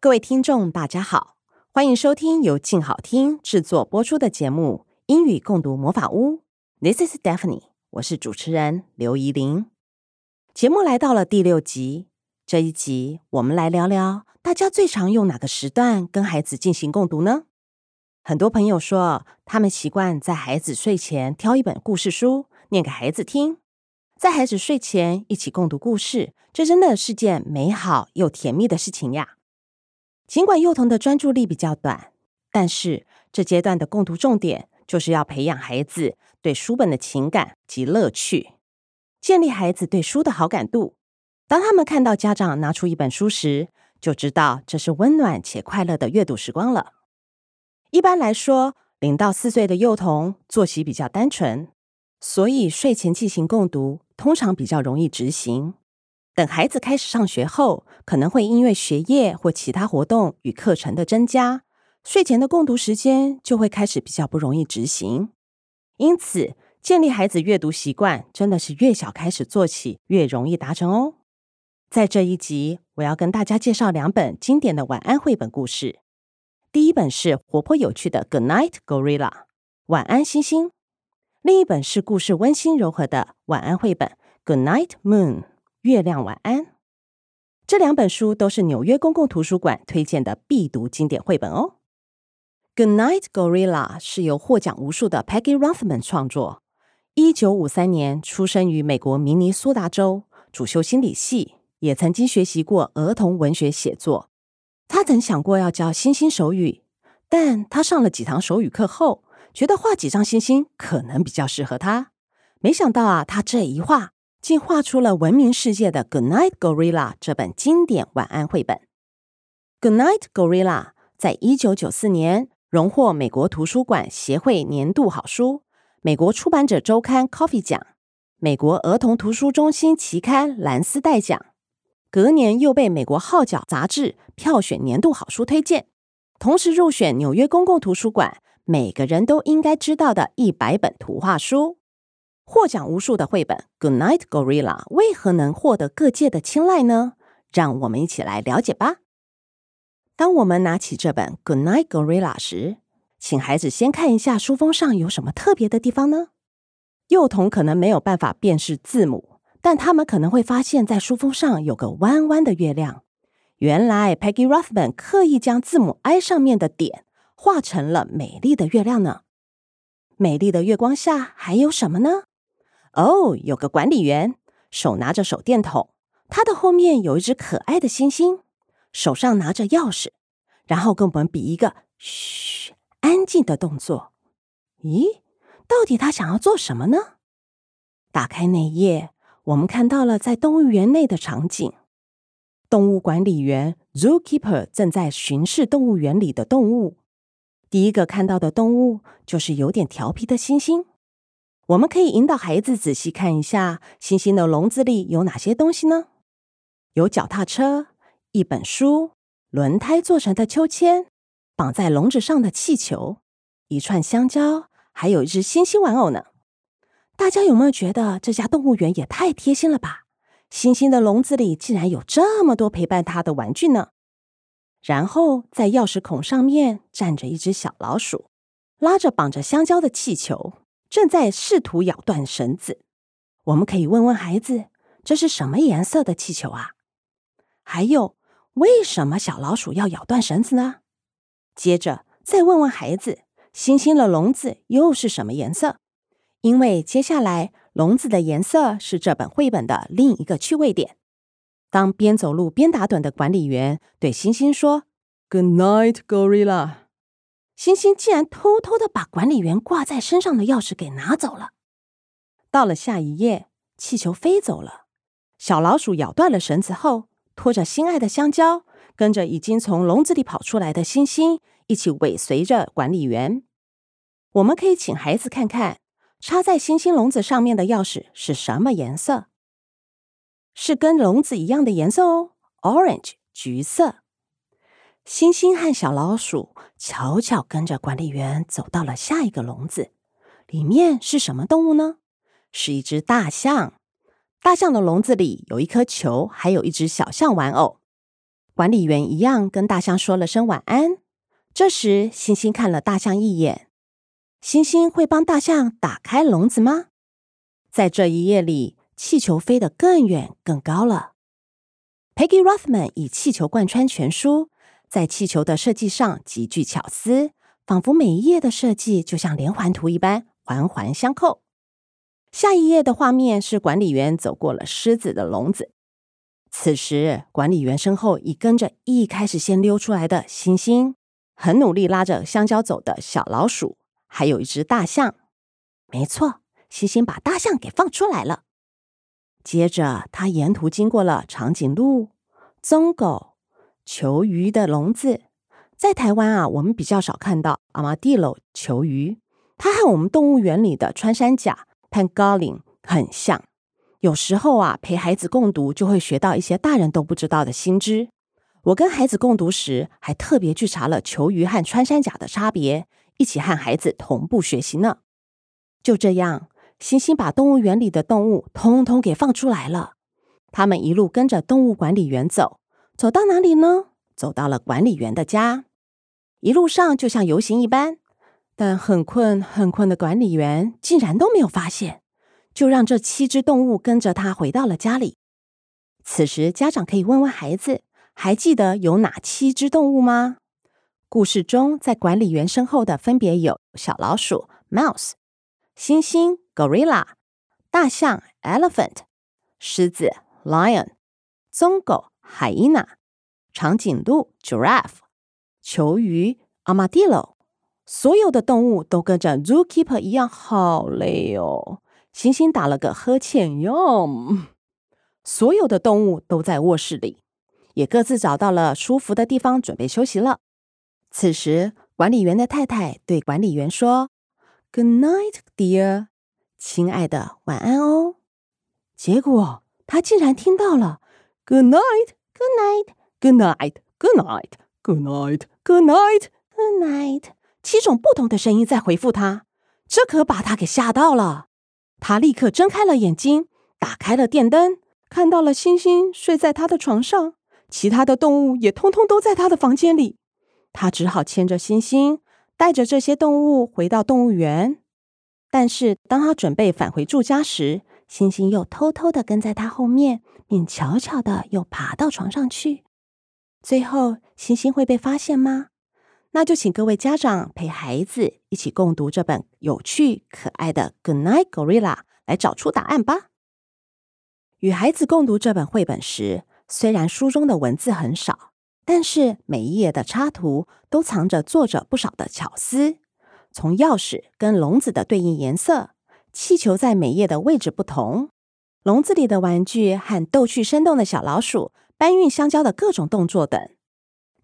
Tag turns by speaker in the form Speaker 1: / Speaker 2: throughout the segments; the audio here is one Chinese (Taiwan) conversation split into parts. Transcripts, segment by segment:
Speaker 1: 各位聽眾，大家好，歡迎收聽由靜好聽製作播出的節目《英語共讀魔法屋》。This is Daphne，我是主持人劉怡伶。節目來到了第六集，這一集我們來聊聊大家最常用哪個時段跟孩子進行共讀呢？很多朋友說，他們習慣在孩子睡前挑一本故事書念給孩子聽，在孩子睡前一起共讀故事，這真的是件美好又甜蜜的事情呀。儘管幼童的專注力比較短，但是這階段的共讀重點就是要培養孩子對書本的情感及樂趣，建立孩子對書的好感度。當他們看到家長拿出一本書時，就知道這是溫暖且快樂的閱讀時光了。一般來說，零到四歲的幼童作息比較單純，所以睡前進行共讀通常比較容易執行。等孩子開始上學後，可能會因為學業或其他活動與課程的增加，睡前的共讀時間就會開始比較不容易執行。因此，建立孩子閱讀習慣真的是越小開始做起越容易達成哦。在這一集，我要跟大家介紹兩本經典的晚安繪本故事。第一本是活潑有趣的《Good Night Gorilla》，晚安猩猩；另一本是故事溫馨柔和的晚安繪本《Good Night Moon》。月亮晚安，這兩本書都是紐約公共圖書館推薦的必讀經典繪本哦。《Good Night Gorilla》是由獲獎無數的 Peggy Rathman 創作，一九五三年出生於美國明尼蘇達州，主修心理系，也曾經學習過兒童文學寫作。他曾想過要教猩猩手語，但他上了幾堂手語課後，覺得畫幾張猩猩可能比較適合他。沒想到啊，他這一畫。竟畫出了聞名世界的《Good Night Gorilla》這本經典晚安繪本。《Good Night Gorilla》在一九九四年榮獲美國圖書館協會年度好書、美國出版者週刊 Coffee 獎、美國兒童圖書中心期刊藍絲帶獎。隔年又被《美國號角》雜誌票選年度好書推薦，同時入選紐約公共圖書館每個人都應該知道的一百本圖畫書。獲獎無數的繪本《Good Night Gorilla》為何能獲得各界的青睞呢？讓我們一起來了解吧。當我們拿起這本《Good Night Gorilla》時，請孩子先看一下書封上有什麼特別的地方呢？幼童可能沒有辦法辨識字母，但他們可能會發現，在書封上有個彎彎的月亮。原來 Peggy Rathmann 刻意將字母 i 上面的點畫成了美麗的月亮呢。美麗的月光下還有什麼呢？哦、oh，有個管理員手拿着手電筒，他的後面有一隻可愛的猩猩，手上拿着鑰匙，然後跟我們比一個“噓”安靜的動作。咦，到底他想要做什麼呢？打開那一頁，我們看到了在動物園內的場景。動物管理員 （Zookeeper） 正在巡視動物園裡的動物。第一個看到的動物就是有點調皮的猩猩。我們可以引導孩子仔細看一下，星星的籠子裡有哪些東西呢？有腳踏車、一本書、輪胎做成的秋千、綁在籠子上的氣球、一串香蕉，還有一只星星玩偶呢。大家有沒有覺得這家動物園也太貼心了吧？星星的籠子裡竟然有這麼多陪伴他的玩具呢？然後在鑰匙孔上面站着一只小老鼠，拉着綁着香蕉的氣球。正在試圖咬斷繩子，我們可以問問孩子：“這是什麼顏色的氣球啊？”還有，為什麼小老鼠要咬斷繩子呢？接着再問問孩子：“星星的籠子又是什麼顏色？”因為接下來籠子的顏色是這本繪本的另一個趣味點。當邊走路邊打盹的管理員對星星說：“Good night, Gorilla。”星星竟然偷偷的把管理員掛在身上的鑰匙給拿走了。到了下一頁，氣球飛走了，小老鼠咬斷了繩子後，拖着心愛的香蕉，跟着已經從籠子裡跑出來的星星一起尾隨着管理員。我們可以請孩子看看，插在星星籠子上面的鑰匙是什麼顏色？是跟籠子一樣的顏色哦，orange，橘色。星星和小老鼠悄悄跟着管理員走到了下一個籠子，裡面是什麼動物呢？是一隻大象。大象的籠子裡有一顆球，還有一隻小象玩偶。管理員一樣跟大象說了聲晚安。這時，星星看了大象一眼。星星會幫大象打開籠子嗎？在這一夜裡，氣球飛得更遠更高了。Peggy Rathmann 以氣球貫穿全書。在氣球的設計上極具巧思，仿佛每一頁的設計就像連環圖一般環環相扣。下一頁的畫面是管理員走過了獅子的籠子，此時管理員身後已跟着一開始先溜出來的猩猩，很努力拉着香蕉走的小老鼠，還有一只大象。沒錯，猩猩把大象給放出來了。接着他沿途經過了長頸鹿、棕狗。犰狳的籠子，在台灣啊，我們比較少看到阿瑪地羅犰狳，它和我們動物園裡的穿山甲 （pangolin） 很像。有時候啊，陪孩子共讀就會學到一些大人都不知道的新知。我跟孩子共讀時，還特別去查了犰狳和穿山甲的差別，一起和孩子同步學習呢。就這樣，星星把動物園裡的動物通通給放出來了，他們一路跟着動物管理員走。走到哪裡呢？走到了管理員的家，一路上就像遊行一般，但很困很困的管理員竟然都沒有發現，就讓這七隻動物跟着他回到了家裡。此時，家長可以問問孩子，還記得有哪七隻動物嗎？故事中，在管理員身後的分別有小老鼠 （Mouse）、猩猩、猩猩 （Gorilla）、大象 （Elephant）、獅子 （Lion）、棕狗。海因娜，長頸鹿 （giraffe），犰狳 （armadillo），所有的動物都跟着 zookeeper 一樣，好累哦。星星打了個呵欠喲。所有的動物都在臥室裡，也各自找到了舒服的地方，準備休息了。此時，管理員的太太對管理員說：“Good night, dear，親愛的，晚安哦。”結果他竟然聽到了 “Good night”。Good night, good night, good night, good night, good night, good night，七種不同的聲音在回復他，這可把他給嚇到了。他立刻睜開了眼睛，打開了電燈，看到了星星睡在他的床上，其他的動物也通通都在他的房間裡。他只好牽着星星，帶着這些動物回到動物園。但是當他準備返回住家時，猩猩又偷偷的跟在他後面，並悄悄的又爬到床上去。最後，猩猩會被發現嗎？那就請各位家長陪孩子一起共讀這本有趣可愛的《Good Night Gorilla》，來找出答案吧。與孩子共讀這本繪本時，雖然書中的文字很少，但是每一頁的插圖都藏着作者不少的巧思，從鑰匙跟籠子的對應顏色，氣球在每頁的位置不同、籠子裡的玩具和逗趣生動的小老鼠搬運香蕉的各種動作等，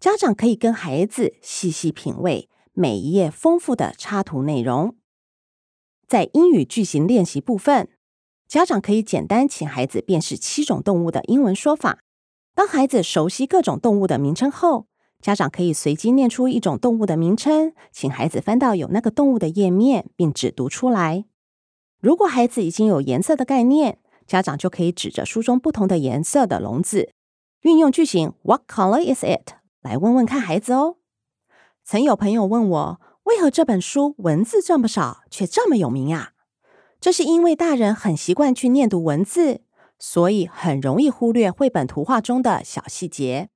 Speaker 1: 家長可以跟孩子細細品味每一頁豐富的插圖內容。在英語句型練習部分，家長可以簡單請孩子辨識七種動物的英文說法。當孩子熟悉各種動物的名稱後，家長可以隨機念出一種動物的名稱，請孩子翻到有那個動物的頁面，並指讀出來。如果孩子已經有顏色的概念，家長就可以指着書中不同的顏色的籠子，運用句型 "What color is it" 來問問看孩子哦。曾有朋友問我，為何這本書文字這麼少卻這麼有名呀？這是因為大人很習慣去念讀文字，所以很容易忽略繪本圖畫中的小細節。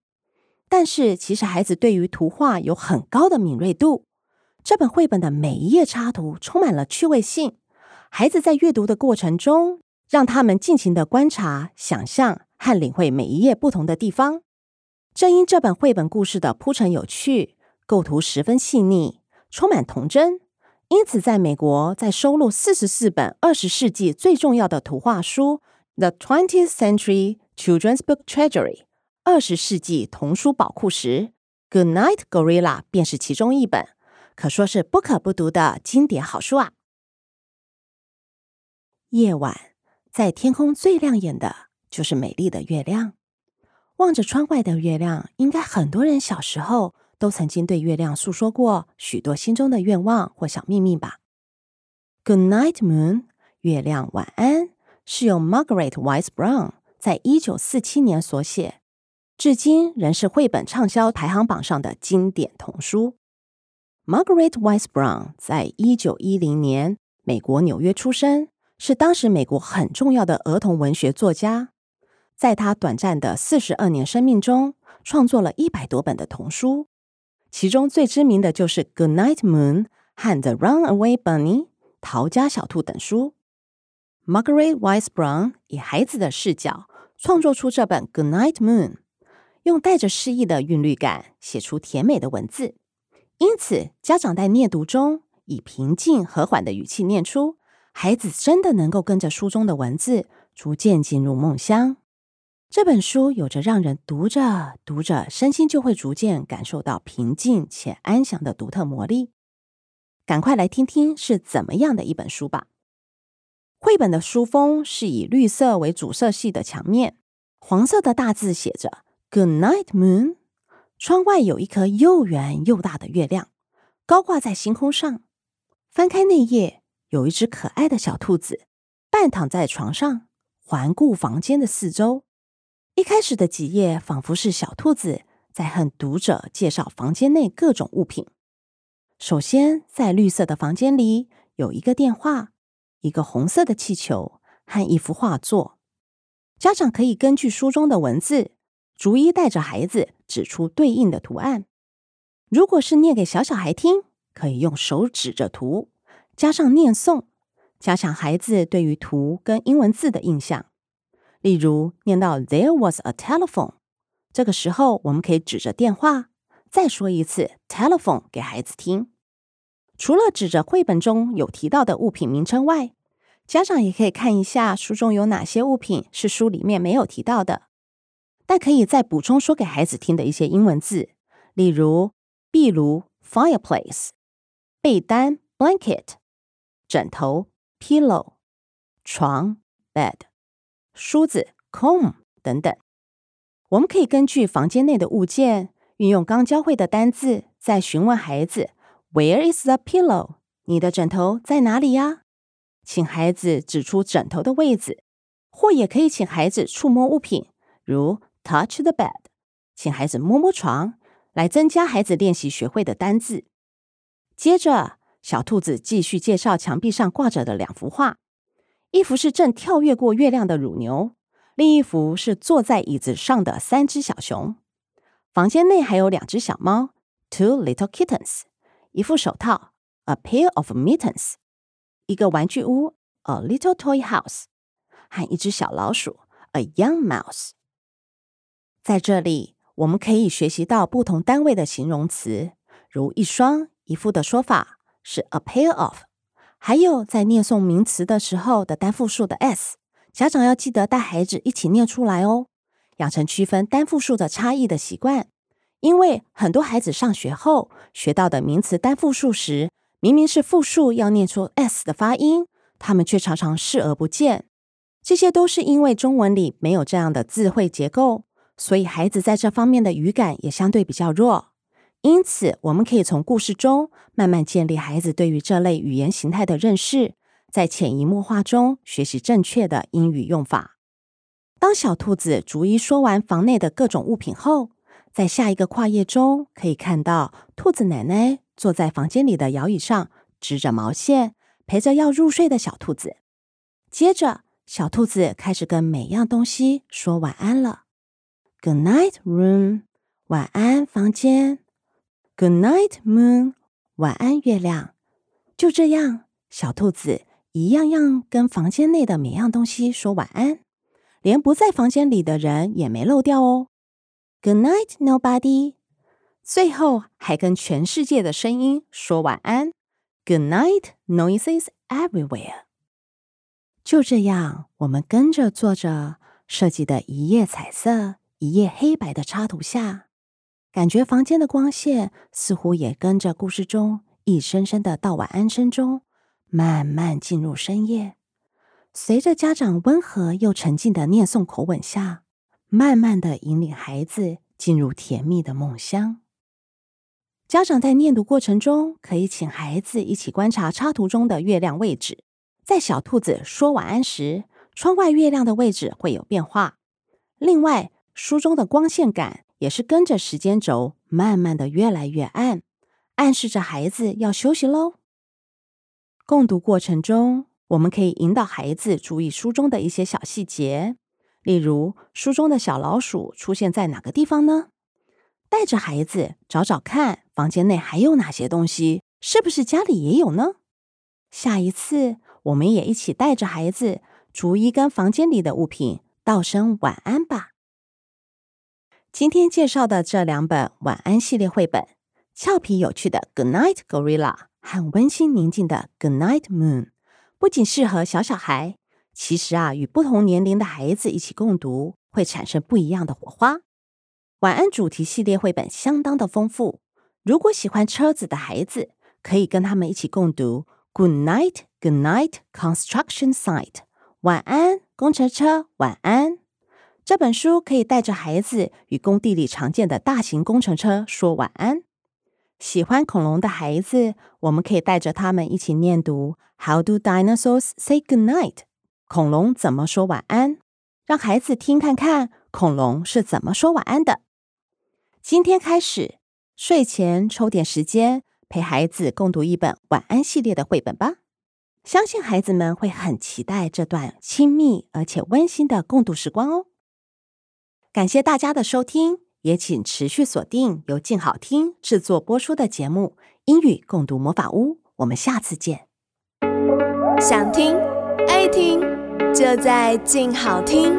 Speaker 1: 但是其實孩子對於圖畫有很高的敏銳度。這本繪本的每一頁插圖充滿了趣味性。孩子在閱讀的過程中，讓他們盡情的觀察、想象和領會每一頁不同的地方。正因這本繪本故事的鋪陳有趣，構圖十分細膩，充滿童真，因此在美國在收錄四十四本二十世紀最重要的圖畫書《The Twentieth Century Children's Book Treasury》（二十世紀童書寶庫）時，《Good Night Gorilla》便是其中一本，可說是不可不讀的經典好書啊。夜晚，在天空最亮眼的就是美麗的月亮。望着窗外的月亮，應該很多人小時候都曾經對月亮訴說過許多心中的願望或小秘密吧。Good night, moon，月亮晚安，是由 Margaret Wise Brown 在一九四七年所寫，至今仍是繪本暢銷排行榜上的經典童書。Margaret Wise Brown 在一九一零年美國紐約出生。是當時美國很重要的兒童文學作家，在他短暫的四十二年生命中，創作了一百多本的童書，其中最知名的就是《Goodnight Moon》和《The Runaway Bunny》《逃家小兔》等書。Margaret Wise Brown 以孩子的視角創作出這本《Goodnight Moon》，用帶着詩意的韻律感寫出甜美的文字，因此家長在念讀中以平靜和緩的語氣念出。孩子真的能夠跟着書中的文字逐漸進入夢鄉。這本書有着讓人讀着讀着身心就會逐漸感受到平靜且安詳的獨特魔力。趕快來聽聽是怎麼樣的一本書吧。繪本的書封是以綠色為主色系的牆面，黃色的大字寫着 “Goodnight Moon”。窗外有一顆又圓又大的月亮，高掛在星空上。翻開內頁。有一只可愛的小兔子，半躺在床上，環顧房間的四周。一開始的幾頁仿佛是小兔子在和讀者介紹房間內各種物品。首先，在綠色的房間裡有一個電話、一個紅色的氣球和一幅畫作。家長可以根據書中的文字，逐一帶着孩子指出對應的圖案。如果是念給小小孩聽，可以用手指着圖。加上念誦，加強孩子對於圖跟英文字的印象。例如，念到 "There was a telephone"，這個時候我們可以指着電話，再說一次 "telephone" 給孩子聽。除了指着繪本中有提到的物品名稱外，家長也可以看一下書中有哪些物品是書裡面沒有提到的，但可以再補充說給孩子聽的一些英文字，例如壁爐 "fireplace"、被單 "blanket"。枕頭 pillow 床 bed 梳子 comb 等等，我們可以根據房間內的物件，運用剛教會的單字，再詢問孩子 Where is the pillow？你的枕頭在哪裡呀？請孩子指出枕頭的位置，或也可以請孩子觸摸物品，如 touch the bed，請孩子摸摸床，來增加孩子練習學會的單字。接着。小兔子繼續介紹牆壁上掛着的兩幅畫：一幅是正跳躍過月亮的乳牛，另一幅是坐在椅子上的三隻小熊。房間內還有兩隻小貓 （two little kittens），一副手套 （a pair of mittens），一個玩具屋 （a little toy house） 和一隻小老鼠 （a young mouse）。在這裡，我們可以學習到不同單位的形容詞，如一雙、一副的說法。是 a pair of，還有在念誦名詞的時候的單複數的 s，家長要記得帶孩子一起念出來哦，養成區分單複數的差異的習慣。因為很多孩子上學後學到的名詞單複數時，明明是複數要念出 s 的發音，他們卻常常視而不見。這些都是因為中文裡沒有這樣的字匯結構，所以孩子在這方面的語感也相對比較弱。因此，我們可以從故事中慢慢建立孩子對於這類語言形態的認識，在潛移默化中學習正確的英語用法。當小兔子逐一說完房內的各種物品後，在下一個跨頁中可以看到，兔子奶奶坐在房間裡的搖椅上織着毛線，陪着要入睡的小兔子。接着，小兔子開始跟每樣東西說晚安了：“Good night, room。”晚安，房間。Good night, Moon. 晚安，月亮。就這樣，小兔子一樣樣跟房間內的每樣東西說晚安，連不在房間裡的人也沒漏掉哦。Good night, nobody. 最後還跟全世界的聲音說晚安。Good night, noises everywhere. 就這樣，我們跟着作者設計的一頁彩色、一頁黑白的插圖下。感覺房間的光線似乎也跟着故事中一聲聲的道晚安聲中，慢慢進入深夜。隨着家長溫和又沉靜的念誦口吻下，慢慢的引領孩子進入甜蜜的夢鄉。家長在念讀過程中，可以請孩子一起觀察插圖中的月亮位置。在小兔子說晚安時，窗外月亮的位置會有變化。另外，書中的光線感。也是跟着時間軸，慢慢的越來越暗，暗示着孩子要休息嘍。共讀過程中，我們可以引導孩子注意書中的一些小細節，例如書中的小老鼠出現在哪個地方呢？帶着孩子找找看，房間內還有哪些東西，是不是家裡也有呢？下一次，我們也一起帶着孩子，逐一跟房間裡的物品道聲晚安吧。今天介紹的這兩本晚安系列繪本，俏皮有趣的《Good Night Gorilla》，很溫馨寧靜的《Good Night Moon》，不僅適合小小孩，其實啊，與不同年齡的孩子一起共讀，會產生不一樣的火花。晚安主題系列繪本相當的豐富，如果喜歡車子的孩子，可以跟他們一起共讀《Good Night Good Night Construction Site》。晚安，工程車，晚安。這本書可以帶着孩子與工地裡常見的大型工程車說晚安。喜歡恐龍的孩子，我們可以帶着他們一起念讀 “How do dinosaurs say good night？” 恐龍怎麼說晚安？讓孩子聽看看恐龍是怎麼說晚安的。今天開始，睡前抽點時間陪孩子共讀一本晚安系列的繪本吧。相信孩子們會很期待這段親密而且溫馨的共讀時光哦。感謝大家的收聽，也請持續鎖定由靜好聽制作播出的節目《英語共讀魔法屋》，我們下次見。想聽，愛聽，就在靜好聽。